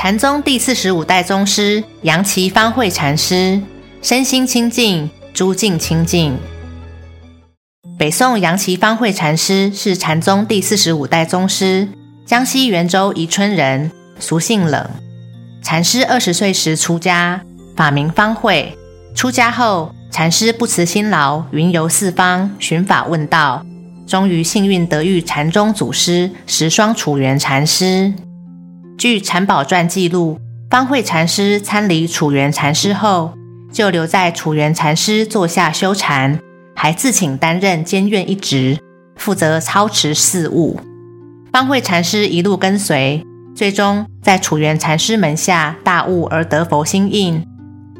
禪宗第四十五代宗師楊岐方會禪師，身心清淨，諸境清淨。北宋楊岐方會禪師是禪宗第四十五代宗師，江西袁州宜春人，俗姓冷。禪師二十歲時出家，法名方會。出家後，禪師不辭辛勞，雲遊四方，尋法問道，終於幸運得遇禪宗祖師石霜楚圓禪師。據《禪寶傳》記錄，方會禪師參禮楚圓禪師後，就留在楚圓禪師座下修禪，還自請擔任監院一職，負責操持寺務。方會禪師一路跟隨，最終在楚圓禪師門下大悟而得佛心印，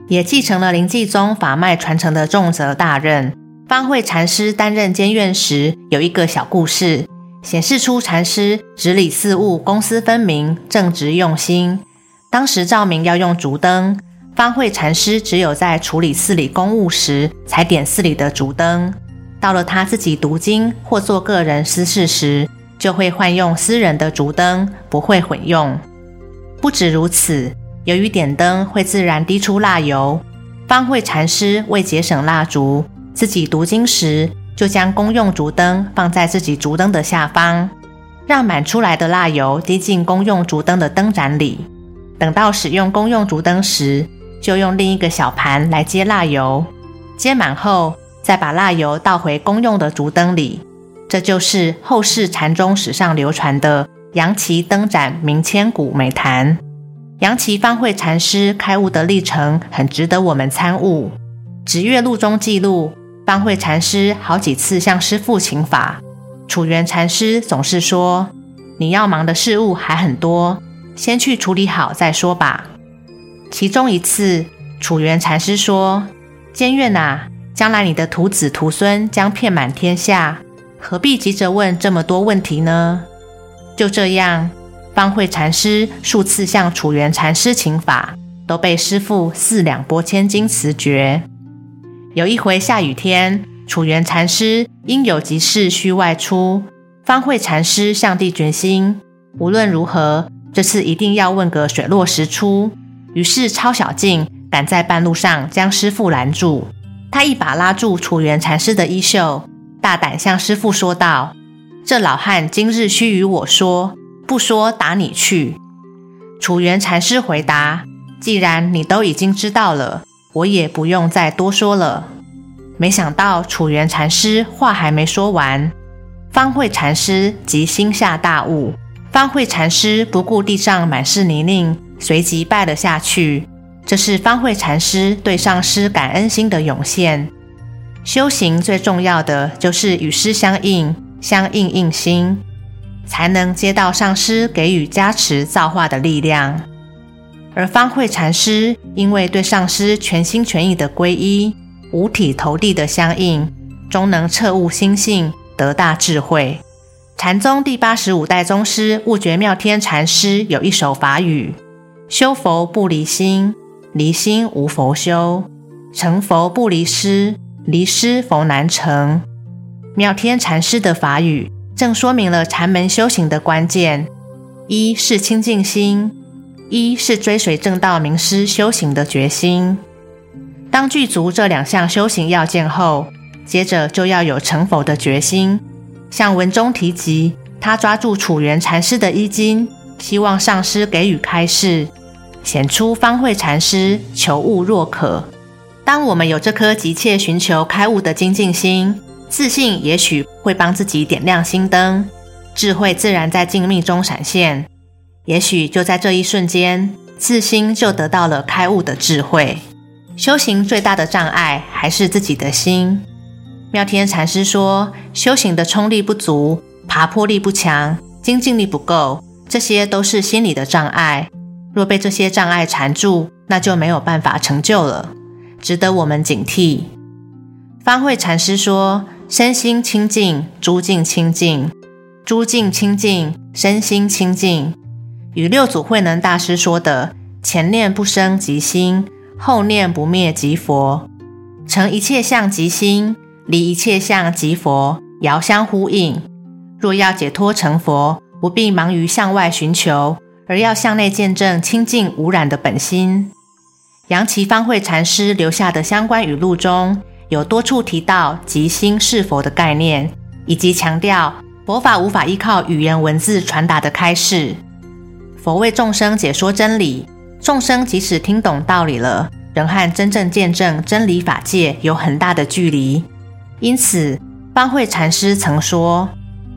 也繼承了臨濟宗法脈傳承的重責大任。方會禪師擔任監院時，有一個小故事。顯示出禪師處理事務公私分明、正直用心。當時照明要用燭燈，方會禪師只有在處理寺裡公務時才點寺裡的燭燈，到了他自己讀經或做個人私事時，就會換用私人的燭燈，不會混用。不止如此，由於點燈會自然滴出蠟油，方會禪師為節省蠟燭，自己讀經時，就將公用燭燈放在自己燭燈的下方，讓滿出來的蠟油滴進公用燭燈的燈盞裡。等到使用公用燭燈時，就用另一個小盤來接蠟油，接滿後再把蠟油倒回公用的燭燈裡。這就是後世禪宗史上流傳的“楊岐燈盞名千古美談”美談。楊岐方會禪師開悟的歷程很值得我們參悟，錄《指月錄》中記錄。方會禪師好幾次向師父請法，楚圓禪師總是說：“你要忙的事物還很多，先去處理好再說吧。”其中一次，楚圓禪師說：“監院啊，將來你的徒子徒孫將遍滿天下，何必急着問這麼多問題呢？”就這樣，方會禪師數次向楚圓禪師請法，都被師父四兩撥千斤辭絕。有一回下雨天，楚圓禪師因有急事需外出，方會禪師下定決心，無論如何，這次一定要問個水落石出。於是抄小徑趕在半路上將師父攔住，他一把拉住楚圓禪師的衣袖，大膽向師父說道：“這老漢今日須與我說，不說打你去。”楚圓禪師回答：“既然你都已經知道了。”我也不用再多說了。沒想到楚圓禪師話還沒說完，方會禪師即心下大悟。方會禪師不顧地上滿是泥濘，隨即拜了下去。這是方會禪師對上師感恩心的湧現。修行最重要的就是與師相應，相應應心，才能接到上師給予加持造化的力量。而方會禪師因為對上師全心全意的皈依，五體投地的相應，終能徹悟心性，得大智慧。禪宗第八十五代宗師悟覺妙天禪師有一首法語：修佛不離心，離心無佛修；成佛不離師，離師佛難成。妙天禪師的法語正說明了禪門修行的關鍵：一是清淨心。一是追隨正道名師修行的決心。當具足這兩項修行要件後，接着就要有成佛的決心。像文中提及，他抓住楚圓禪師的衣襟，希望上師給予開示，顯出方會禪師求悟若渴。當我們有這顆急切尋求開悟的精進心，自信也許會幫自己點亮心燈，智慧自然在靜謐中閃現。也許就在這一瞬間，自心就得到了開悟的智慧。修行最大的障礙還是自己的心。妙天禪師說，修行的衝力不足，爬坡力不強，精進力不夠，這些都是心理的障礙。若被這些障礙纏住，那就沒有辦法成就了，值得我們警惕。方會禪師說，身心清淨，諸境清淨，諸境清淨，身心清淨。與六祖慧能大師說的“前念不生即心，後念不滅即佛，成一切相即心，離一切相即佛”遙相呼應。若要解脫成佛，不必忙於向外尋求，而要向內見證清淨無染的本心。楊岐方會禪師留下的相關語錄中，有多處提到“即心是佛”的概念，以及強調佛法無法依靠語言文字傳達的開示。佛為眾生解說真理，眾生即使聽懂道理了，仍和真正見證真理法界有很大的距離。因此，方會禪師曾說：“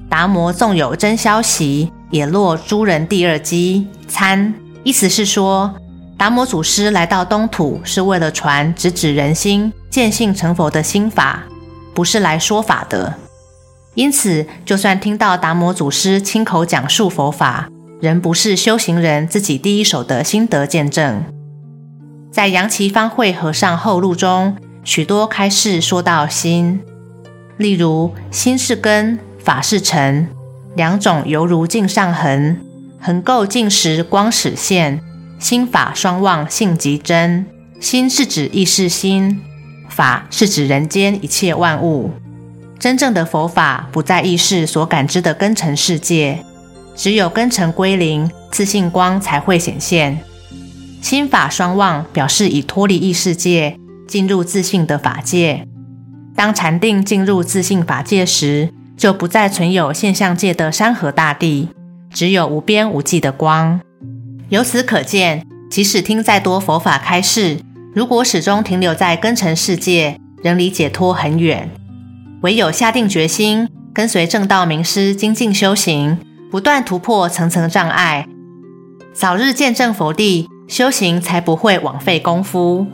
達摩縱有真消息，也落諸人第二機參。”意思是說，達摩祖師來到東土是為了傳直指人心、見性成佛的心法，不是來說法的。因此，就算聽到達摩祖師親口講述佛法，人不是修行人自己第一手的心得見證，在楊岐方會和尚後錄中，許多開示說到心，例如心是根，法是塵，兩種猶如鏡上痕，痕垢盡時光始現，心法雙忘性即真。心是指意識心，法是指人間一切萬物。真正的佛法不在意識所感知的根塵世界。只有根塵歸零，自信光才會顯現。心法雙旺表示已脫離異世界，進入自信的法界。當禪定進入自信法界時，就不再存有現象界的山河大地，只有無邊無際的光。由此可見，即使聽再多佛法開示，如果始終停留在根塵世界，仍離解脫很遠。唯有下定決心，跟隨正道明師精進修行，不斷突破層層障礙，早日見證佛地，修行才不會枉費功夫。